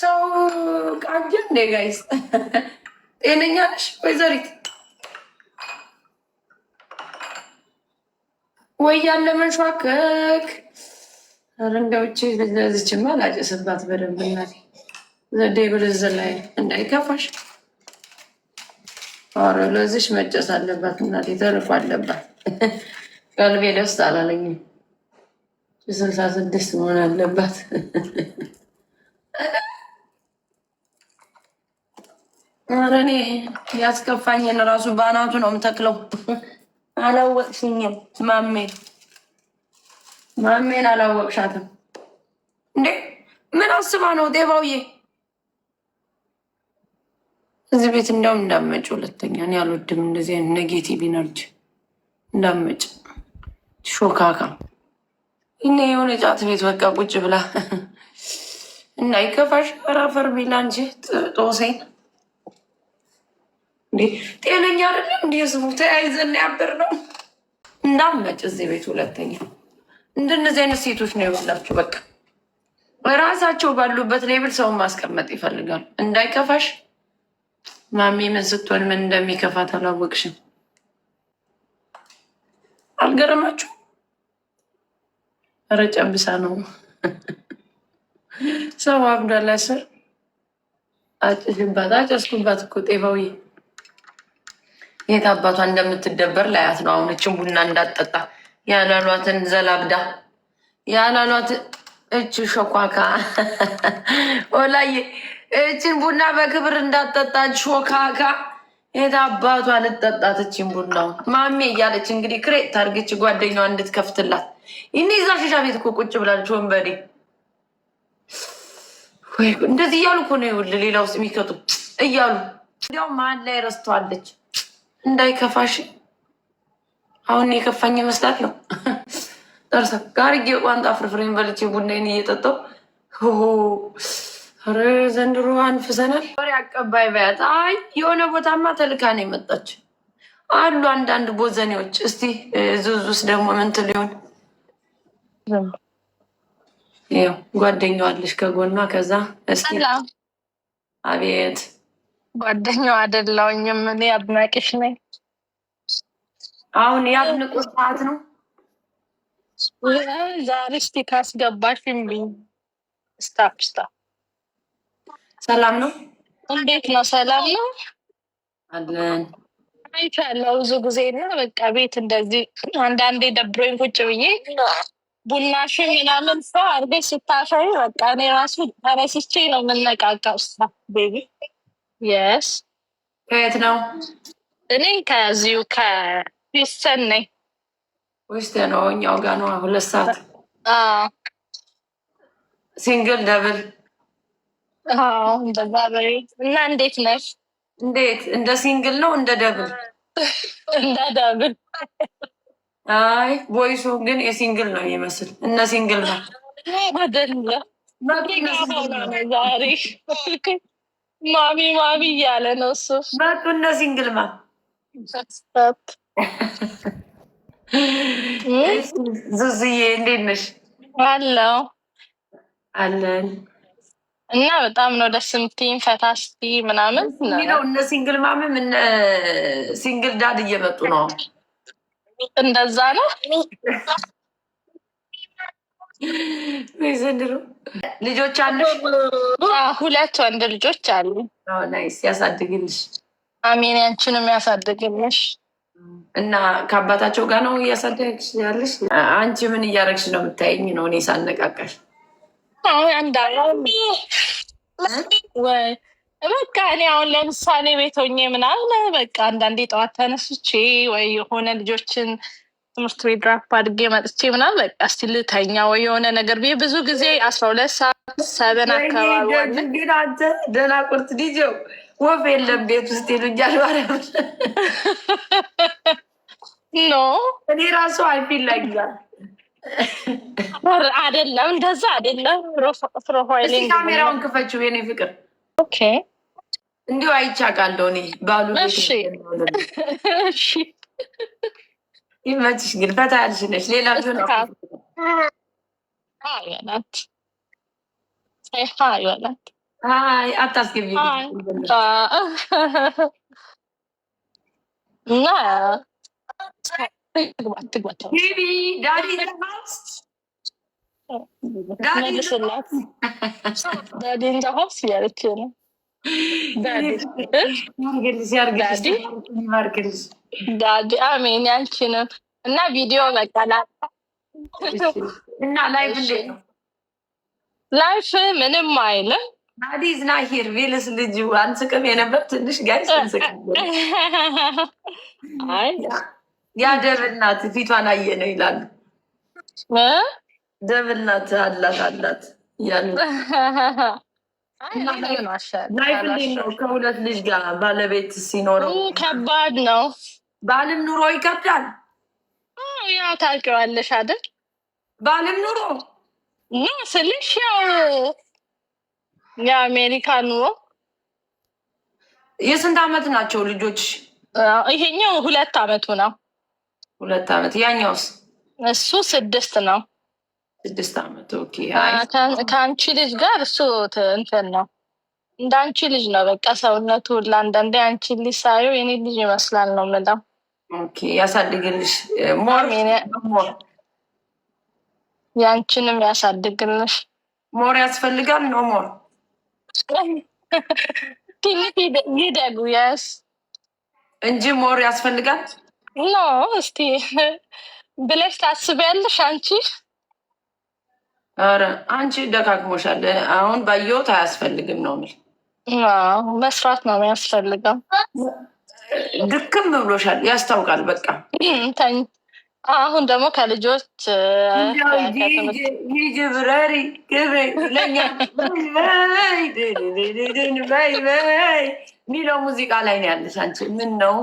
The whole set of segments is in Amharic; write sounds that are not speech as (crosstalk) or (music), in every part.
ሰው ቃንጀ እንዴ ጋይስ፣ ጤነኛ ነሽ ወይዘሪት? ወይ ያለ መንሸዋከክ ዝችማ ላጨስባት በደንብ ና ዘዴ ብልዝ ላይ እንዳይከፋሽ። ኧረ ለዚች መጨስ አለባት እናቴ ተርፎ አለባት። ቀልቤ ደስ አላለኝም። ስልሳ ስድስት መሆን አለባት። ኧረ እኔ ያስከፋኝን ራሱ በአናቱ ነው የምተክለው። አላወቅሽኝም ማሜ ማሜን አላወቅሻትም እንዴ? ምን አስባ ነው ጤባውዬ? እዚህ ቤት እንዲያውም እንዳመጭ ሁለተኛ እኔ አልወድም እንደዚህ አይነት ኔጌቲቭ ኢነርጂ እንዳመጭ ሾካካ እኔ የሆነ ጫት ቤት በቃ ቁጭ ብላ እና ይከፋሽ። ኧረ አፈር ቢላ እንጂ ጦሴን እንዴ ጤነኛ አይደለም እንዲ ህዝቡ ተያይዘን ያበር ነው እንዳመጭ እዚህ ቤት ሁለተኛ እንደነዚህ አይነት ሴቶች ነው የበላቸው። በቃ ራሳቸው ባሉበት ሌብል ሰውን ማስቀመጥ ይፈልጋሉ። እንዳይከፋሽ ማሚ፣ ምን ስትሆን ምን እንደሚከፋት አላወቅሽም። አልገረማችሁ? ኧረ ጨብሳ ነው ሰው አብዷላ ስር አጭሽባት፣ አጨስኩባት እኮ ጤባውዬ የት አባቷ እንደምትደበር ላያት ነው። አሁን እችን ቡና እንዳጠጣ ያላሏትን ዘላብዳ ያላሏት እች ሾኳካ ወላዬ እችን ቡና በክብር እንዳጠጣች ሾካካ የት አባቷ ልጠጣት እችን ቡናው ማሜ እያለች እንግዲህ ክሬ ታርግች ጓደኛዋ እንድትከፍትላት ይኔ እዛ ሺሻ ቤት እኮ ቁጭ ብላለች ወንበዴ። እንደዚህ እያሉ እኮ ነው ይኸውልህ ሌላ ውስጥ የሚከቱ እያሉ እንዲያውም መሀል ላይ ረስተዋለች። እንዳይከፋሽ አሁን የከፋኝ ይመስላል ነው ጠርሰ ጋርጌ ቋንጣ ፍርፍሬን በልቼ ቡናይን እየጠጣው ኧረ ዘንድሮ አንፍሰናል። ወሬ አቀባይ በያት። አይ የሆነ ቦታማ ተልካ ነው የመጣች አሉ አንዳንድ ቦዘኔዎች። እስቲ ዙዙስ ደግሞ ምንት ሊሆን ጓደኛዋለሽ ከጎኗ ከዛ እስቲ አቤት ጓደኛው አይደለሁኝም እኔ አድናቂሽ ነኝ። አሁን ያድንቁ ሰዓት ነው። ዛሬ እስኪ ካስገባሽ ብኝ ስታፕ ስታ ሰላም ነው። እንዴት ነው? ሰላም ነው አለን አይቻለሁ ብዙ ጊዜ እና በቃ ቤት እንደዚህ አንዳንዴ ደብሮኝ ቁጭ ብዬ ቡናሽ ምናምን ሰው አድርገሽ ስታሻይ በቃ እኔ ራሱ ተረስቼ ነው የምነቃቃው። ስታፍ ቤቢ የስ ከየት ነው? እኔ ከዚሁ ከዊስተን ነኝ። ሂውስተን ነው እኛው ጋ ነው። ሁለት ሰዓት ሲንግል ደብል እና እንዴት ነሽ? እንዴት እንደ ሲንግል ነው እንደ ደብል እንደ ደብል። አይ ቦይሱ ግን የሲንግል ነው ይመስል እነ ሲንግል ነው አይደለም ዛሬ ማሚ ማሚ እያለ ነው እሱ። መጡ እነ ሲንግልማ ዙዙዬ እንዴት ነሽ? አለው አለን እና በጣም ነው ደስ የምትይኝ ፈታ ምናምን ነው። እነ ሲንግል ማምም እነ ሲንግል ዳድ እየመጡ ነው። እንደዛ ነው ዘንድሮ ልጆች አሉሽ? ሁለት ወንድ ልጆች አሉ። ናይስ ያሳድግልሽ። አሜን። ያንቺንም ያሳድግልሽ። እና ከአባታቸው ጋር ነው እያሳደግሽ ያለሽ? አንቺ ምን እያደረግሽ ነው የምታየኝ? ነው እኔ ሳነቃቃሽ በቃ እኔ አሁን ለምሳሌ ቤት ምናምን በቃ አንዳንዴ ጠዋት ተነስቼ ወይ የሆነ ልጆችን ትምህርት ቤት ድራፕ አድጌ መጥቼ ምናምን በቃ እስቲ ልተኛ ወይ የሆነ ነገር ብዬ ብዙ ጊዜ አስራ ሁለት ሰዓት ሰበን አካባቢ ግን አንተ ደህና ቁርት ዲጄው ወፍ የለም ቤት ውስጥ ይሉኛል ማለት ኖ እኔ ራሱ አይፊላኛል ላይ ይላል አይደለም፣ እንደዛ አይደለም። ፕሮፋይሊንግ ካሜራውን ክፈችው የኔ ፍቅር። ኦኬ እንዲሁ አይቻቃለሁ እኔ ባሉ እሺ እሺ ይመችሽ። ግን ፈታ ነሽ። ሌላ ሆናት አታስገቢ እና ዳዲ ኢን ዘ ሃውስ እያለች ነው ዳዲ አሜን። ያንቺ እና ቪዲዮ በቃላ እና ላይፍ እንዴት ነው? ላይፍ ምንም አይልም። ዳዲ ዝና ሂር ቪልስ ልጅ አንስቅም የነበር ትንሽ ጋይስ አንስቅም ያደብናት ፊቷን አየ ነው ይላሉ። ደብናት አላት አላት ያ ላይፍ ነው ከሁለት ልጅ ጋር ባለቤት ሲኖረው? ከባድ ነው። ባልም ኑሮ ይከብዳል። ያው ታውቂዋለሽ አይደል? ባልም ኑሮ ስልሽ ያው የአሜሪካ ኑሮ። የስንት አመት ናቸው ልጆች? ይሄኛው ሁለት አመቱ ነው። ሁለት አመት። ያኛውስ? እሱ ስድስት ነው። ስድስት ዓመት ከአንቺ ልጅ ጋር እሱ እንትን ነው እንደ አንቺ ልጅ ነው። በቃ ሰውነቱ ሁላ ለአንዳንዴ አንቺ ልጅ ሳዩ የኔ ልጅ ይመስላል ነው የምለው። ያሳድግልሽ፣ ያንቺንም ያሳድግልሽ። ሞር ያስፈልጋል ነው ሞር ትንሽ ይደጉ ያስ እንጂ ሞር ያስፈልጋል ኖ እስቲ ብለሽ ታስቢያለሽ አንቺ ኧረ አንቺ ደካግሞሻል። አሁን ባየሁት አያስፈልግም ነው የምልህ። መስራት ነው የሚያስፈልገው። ድክም ብሎሻል፣ ያስታውቃል። በቃ አሁን ደግሞ ከልጆች ጅብረሪ (laughs) ሚለው ሙዚቃ ላይ ነው ያለሽ አንቺ። ምን ነው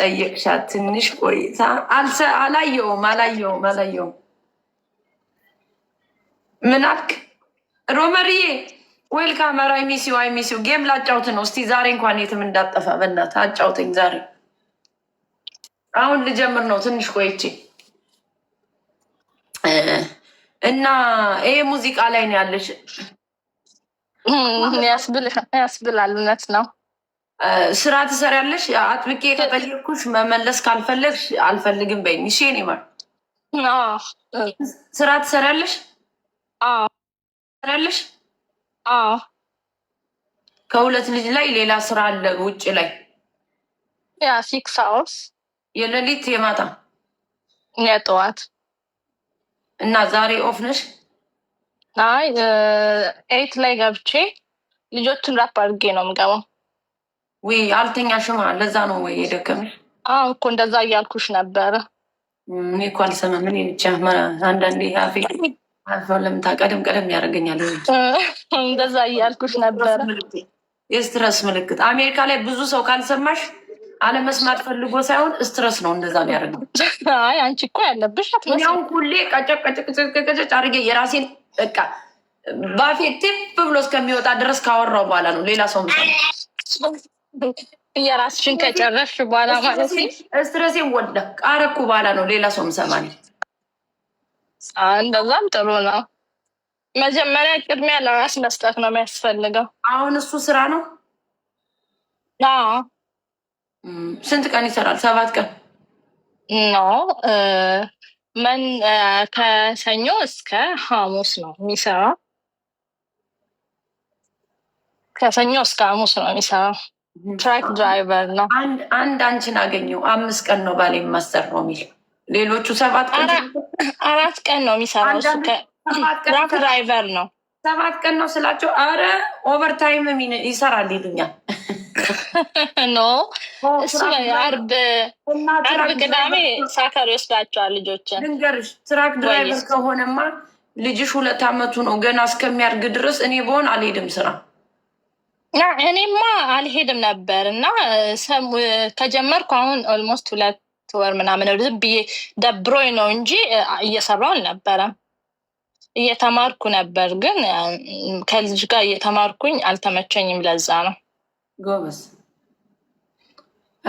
ጠየቅሻት? ትንሽ ቆይታ አላየውም፣ አላየውም፣ አላየውም ምን አልክ ሮመሪዬ? ወይልካ አማራ ሚሲ አይ ሚሲው ጌም ላጫውት ነው። እስቲ ዛሬ እንኳን የትም እንዳጠፋ በእናት አጫውተኝ። ዛሬ አሁን ልጀምር ነው። ትንሽ ቆይቼ እና ይሄ ሙዚቃ ላይ ነው ያለሽ ያስብላል። እውነት ነው። ስራ ትሰሪያለሽ። አጥብቄ ከጠየኩሽ መመለስ ካልፈለግሽ አልፈልግም በይኝ። እሺ ኔ ማር ስራ ትሰሪያለሽ ትላለሽ። ከሁለት ልጅ ላይ ሌላ ስራ አለ ውጭ ላይ ያ ሲክስ አወርስ የሌሊት የማታ የጠዋት እና ዛሬ ኦፍ ነሽ? አይ ኤይት ላይ ገብቼ ልጆችን ራፕ አድርጌ ነው የምገባው። ወይ አልተኛሽም? ለዛ ነው ወይ የደከመሽ? አዎ እኮ እንደዛ እያልኩሽ ነበረ። እኔ እኮ አልሰማም። እኔ ብቻ አንዳንዴ አፌ ለምታ ቀደም ቀደም ያደርገኛል። እንደዛ እያልኩሽ ነበር። የስትረስ ምልክት አሜሪካ ላይ ብዙ ሰው ካልሰማሽ አለመስማት ፈልጎ ሳይሆን ስትረስ ነው። እንደዛ ነው ያደርገው። አይ አንቺ እኮ ያለብሽ አሁን ሁሌ ቀጨቅ አድርጌ የራሴን በቃ ባፌ ቲፕ ብሎ እስከሚወጣ ድረስ ካወራው በኋላ ነው ሌላ ሰው የራስሽን ከጨረሽ በኋላ ማለት ስትረሴን ወደ አረኩ በኋላ ነው ሌላ ሰው ምሰማኝ እንደዛም ጥሩ ነው። መጀመሪያ ቅድሚያ ለራስ መስጠት ነው የሚያስፈልገው። አሁን እሱ ስራ ነው። ስንት ቀን ይሰራል? ሰባት ቀን ነው። ምን ከሰኞ እስከ ሐሙስ ነው የሚሰራው። ከሰኞ እስከ ሐሙስ ነው የሚሰራው። ትራክ ድራይቨር ነው። አንድ አንቺን አገኘው። አምስት ቀን ነው ባሌ ማሰር ነው የሚል ሌሎቹ ሰባት ቀን አራት ቀን ነው የሚሰራው። ድራይቨር ነው ሰባት ቀን ነው ስላቸው፣ አረ ኦቨርታይም ይሰራል ይሉኛል። (laughs) ኖ እሱ አርብ ቅዳሜ ሳከር ይወስዳቸዋል ልጆችን። ልንገርሽ ትራክ ድራይቨር ከሆነማ ልጅሽ ሁለት አመቱ ነው ገና እስከሚያድግ ድረስ እኔ በሆን አልሄድም ስራ እኔማ አልሄድም ነበር እና ከጀመርኩ አሁን ኦልሞስት ሁለት ወር ምናምን ዝም ብዬ ደብሮኝ ነው እንጂ እየሰራው አልነበረም። እየተማርኩ ነበር፣ ግን ከልጅ ጋር እየተማርኩኝ አልተመቸኝም። ለዛ ነው ጎበዝ።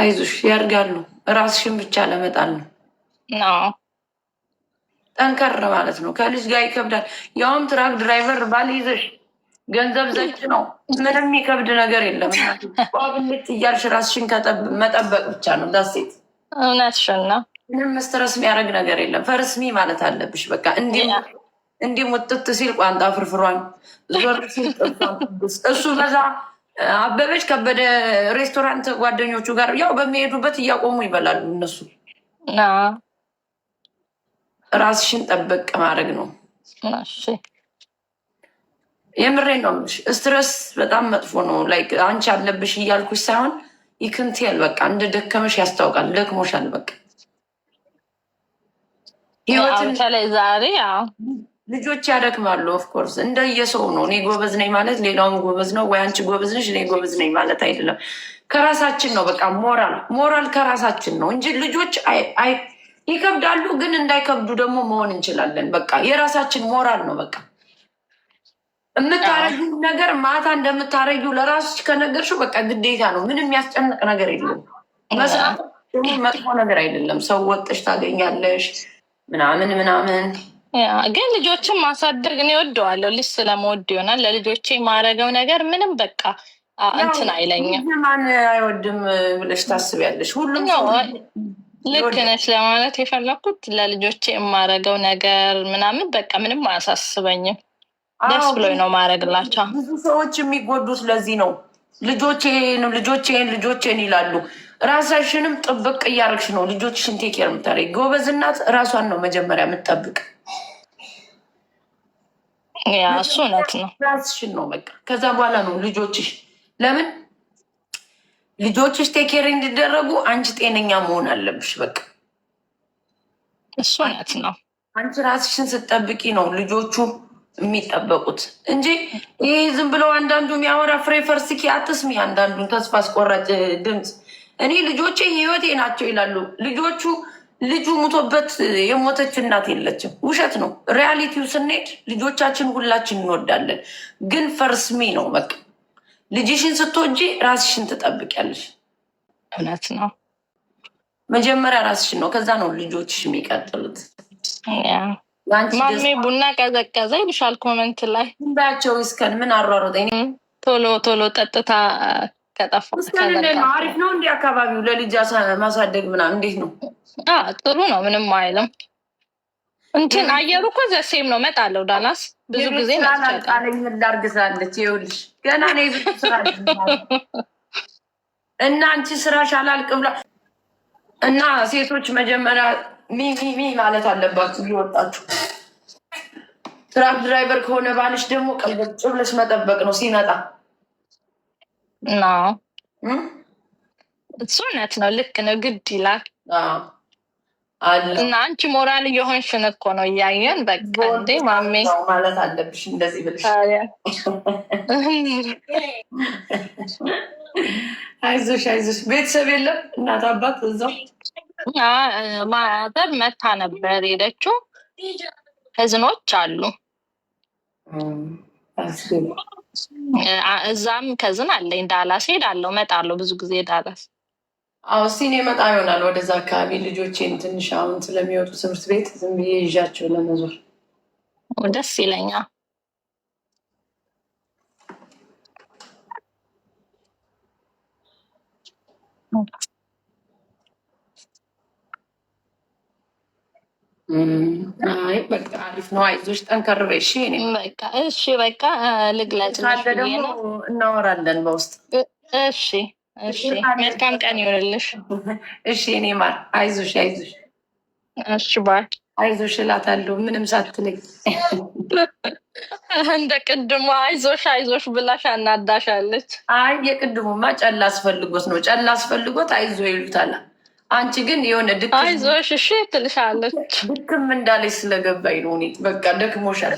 አይዞሽ፣ ያድጋሉ። ራስሽን ብቻ ለመጣል ነው ጠንከር ማለት ነው። ከልጅ ጋር ይከብዳል። ያውም ትራክ ድራይቨር ባል ይዘሽ ገንዘብ ዘጭ ነው። ምንም ይከብድ ነገር የለም። ልት (laughs) እያልሽ ራስሽን መጠበቅ ብቻ ነው ዳሴት እውነትሽን ነው። ምንም ስትረስ የሚያደርግ ነገር የለም። ፈርስሚ ማለት አለብሽ። በቃ እንዲህ ሙጥት ሲል ቋንጣ ፍርፍሯን፣ ዞር ሲል እሱ በዛ አበበች ከበደ ሬስቶራንት ጓደኞቹ ጋር ያው በሚሄዱበት እያቆሙ ይበላሉ እነሱ። ራስሽን ጠበቅ ማድረግ ነው። የምሬ ነው። ስትረስ በጣም መጥፎ ነው። ላይክ አንቺ አለብሽ እያልኩሽ ሳይሆን ይክንትያል በቃ እንደ ደከመሽ ያስታውቃል። ደክሞሻል በቃ ህይወትን ዛሬ ልጆች ያደክማሉ። ኦፍኮርስ እንደየሰው ነው። እኔ ጎበዝ ነኝ ማለት ሌላውም ጎበዝ ነው ወይ አንቺ ጎበዝ ነሽ እኔ ጎበዝ ነኝ ማለት አይደለም። ከራሳችን ነው በቃ ሞራል ሞራል ከራሳችን ነው እንጂ ልጆች ይከብዳሉ፣ ግን እንዳይከብዱ ደግሞ መሆን እንችላለን። በቃ የራሳችን ሞራል ነው በቃ የምታረጊው ነገር ማታ እንደምታረጊው ለራስሽ ከነገርሽው በቃ ግዴታ ነው። ምንም የሚያስጨንቅ ነገር የለም። መስራት መጥፎ ነገር አይደለም። ሰው ወጥሽ ታገኛለሽ ምናምን ምናምን። ግን ልጆችን ማሳደግ እኔ ወደዋለሁ ልጅ ስለመወድ ይሆናል ለልጆቼ የማረገው ነገር ምንም በቃ እንትን አይለኝም። ማን አይወድም ብለሽ ታስቢያለሽ? ሁሉም ልክ ነች ለማለት የፈለኩት ለልጆቼ የማረገው ነገር ምናምን በቃ ምንም አያሳስበኝም። ደስ ብሎኝ ነው ማድረግላቸው። ብዙ ሰዎች የሚጎዱት ለዚህ ነው። ልጆቼን ልጆቼን ልጆቼን ይላሉ። ራሳሽንም ጥብቅ እያደረግሽ ነው ልጆችሽን ቴኬር የምታደርጊ ጎበዝ እናት ራሷን ነው መጀመሪያ የምትጠብቅ። እሱ እውነት ነው። ራስሽን ነው በቃ። ከዛ በኋላ ነው ልጆችሽ። ለምን ልጆችሽ ቴኬር እንዲደረጉ አንቺ ጤነኛ መሆን አለብሽ። በቃ እሱ እውነት ነው። አንቺ ራስሽን ስትጠብቂ ነው ልጆቹ የሚጠበቁት እንጂ ይህ ዝም ብለው አንዳንዱ የሚያወራ ፍሬ ፈርስኪ አትስሚ። አንዳንዱን ተስፋ አስቆራጭ ድምፅ እኔ ልጆቼ ህይወቴ ናቸው ይላሉ ልጆቹ። ልጁ ሙቶበት የሞተች እናት የለችም። ውሸት ነው። ሪያሊቲው ስንሄድ ልጆቻችን ሁላችን እንወዳለን፣ ግን ፈርስሚ ነው በቃ። ልጅሽን ስትወጂ ራስሽን ትጠብቂያለሽ። እውነት ነው። መጀመሪያ ራስሽን ነው፣ ከዛ ነው ልጆችሽ የሚቀጥሉት። ማሜ ቡና ቀዘቀዘ ይልሻል ኮመንት ላይ ባያቸው እስከን ምን አሯሮጠኝ። ቶሎ ቶሎ ጠጥታ ከጠፋ አሪፍ ነው። እንዲህ አካባቢው ለልጅ ማሳደግ ምናምን እንዴት ነው? ጥሩ ነው። ምንም አይልም። እንትን አየሩ እኮ ዘሴም ነው። እመጣለሁ ዳላስ ብዙ ጊዜ ቃለኝ ላርግዛለች። ይኸውልሽ ገና ነው ብዙ ስራ እና አንቺ ስራሽ አላልቅ ብላ እና ሴቶች መጀመሪያ ሚ ሚ ሚ ማለት አለባችሁ እየወጣችሁ። ትራክ ድራይቨር ከሆነ ባልሽ ደግሞ ቀበጭ ብለሽ መጠበቅ ነው ሲመጣ። እሱ እውነት ነው፣ ልክ ነው፣ ግድ ይላል። እና አንቺ ሞራል እየሆንሽን እኮ ነው እያየን። በቃ እንዴ ማሜ ማለት አለብሽ እንደዚህ ብለሽ አይዞሽ አይዞሽ። ቤተሰብ የለም እናት አባት እዛው ማዘር መታ ነበር ሄደችው። ህዝኖች አሉ እዛም ከዝን አለኝ። ዳላስ ሄዳለሁ እመጣለሁ ብዙ ጊዜ ዳላስ። አዎ ሲኔ መጣ ይሆናል ወደዛ አካባቢ ልጆቼን ትንሽ አሁን ስለሚወጡ ትምህርት ቤት ዝም ብዬ ይዣቸው ለመዞር ደስ ይለኛል። አሪፍ ነው። አይዞሽ፣ ጠንከር በቃ እሺ፣ በቃ ደግሞ እናወራለን በውስጥ። እሺ መልካም ቀን ይሆንልሽ። እሺ እኔ ማር፣ አይዞሽ፣ አይዞሽ። እሺ አይዞሽ እላታለሁ ምንም ሳትለኝ እንደ ቅድሞ አይዞሽ አይዞሽ ብላሽ አናዳሻለች። አይ የቅድሞማ ጨላ አስፈልጎት ነው ጨላ አስፈልጎት አይዞ ይሉታል። አንቺ ግን የሆነ አይዞሽ እሺ ትልሻለች። ድክም እንዳለች ስለገባኝ ነው። እኔ በቃ ደክሞሻል።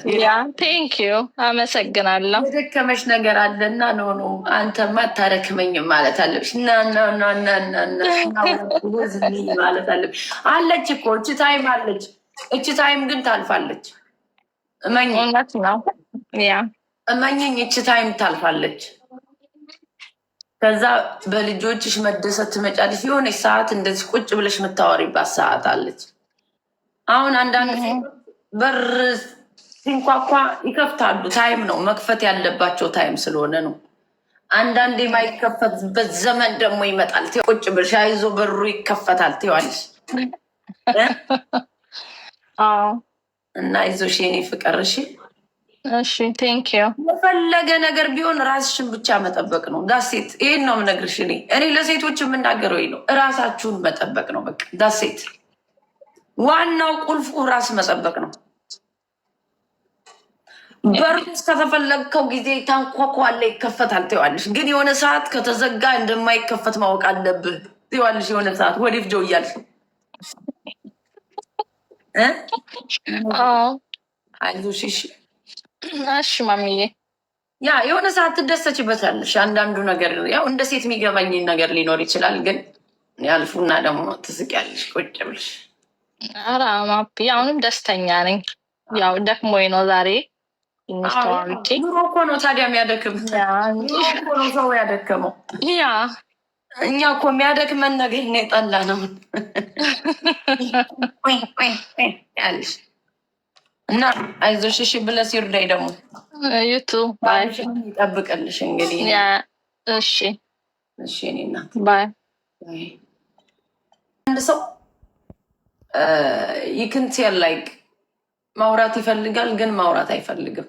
ቴንክ ዩ አመሰግናለሁ። የደከመች ነገር አለና ኖ ኖ አንተማ አታረክመኝም ማለት አለብሽ። እና እና ማለት አለብሽ። አለች እኮ እች ታይም አለች። እች ታይም ግን ታልፋለች። እመኝ እውነት ነው። ያ እመኝኝ እች ታይም ታልፋለች። ከዛ በልጆችሽ መደሰት ትመጫለሽ። የሆነች ሰዓት እንደዚህ ቁጭ ብለሽ የምታወሪባት ሰዓት አለች። አሁን አንዳንድ በር ሲንኳኳ ይከፍታሉ። ታይም ነው መክፈት ያለባቸው ታይም ስለሆነ ነው። አንዳንድ የማይከፈትበት ዘመን ደግሞ ይመጣል። ቁጭ ብለሽ አይዞ በሩ ይከፈታል ትይዋለሽ እና ይዞሽ የኔ ፍቅር እሺ የፈለገ ነገር ቢሆን ራስሽን ብቻ መጠበቅ ነው። ዳሴት ይሄን ነው የምነግርሽ። እኔ እኔ ለሴቶች የምናገረው ነው፣ እራሳችሁን መጠበቅ ነው። በቃ ዳሴት ዋናው ቁልፉ ራስ መጠበቅ ነው። በር እስከተፈለግከው ጊዜ ታንኳኳለ ይከፈታል ትዋለሽ፣ ግን የሆነ ሰዓት ከተዘጋ እንደማይከፈት ማወቅ አለብህ ትዋለሽ። የሆነ ሰዓት ወዲፍ ጆ እያልሽ አይዞሽ (clears throat) እሺ ማሚዬ፣ ያ የሆነ ሰዓት ትደሰችበታለሽ። አንዳንዱ ነገር ያው እንደ ሴት የሚገባኝ ነገር ሊኖር ይችላል፣ ግን ያልፉና ደግሞ ትስቂያለሽ ቁጭ ብለሽ። ኧረ ማፒ አሁንም ደስተኛ ነኝ። ያው ደክሞኝ ነው ዛሬ ኑሮ እኮ ነው ታዲያ የሚያደክም እኮ ነው ሰው ያደከመው። ያ እኛ እኮ የሚያደክመን ነገር ነው የጠላ ነው (laughs) ያለሽ እና አይዞሽ እሺ ብለህ ሲርዳይ ደግሞ ዩቱ ይጠብቅልሽ። እንግዲህ እሺ እሺ፣ እኔ ባይ አንድ ሰው ይክንቴል ላይክ ማውራት ይፈልጋል፣ ግን ማውራት አይፈልግም።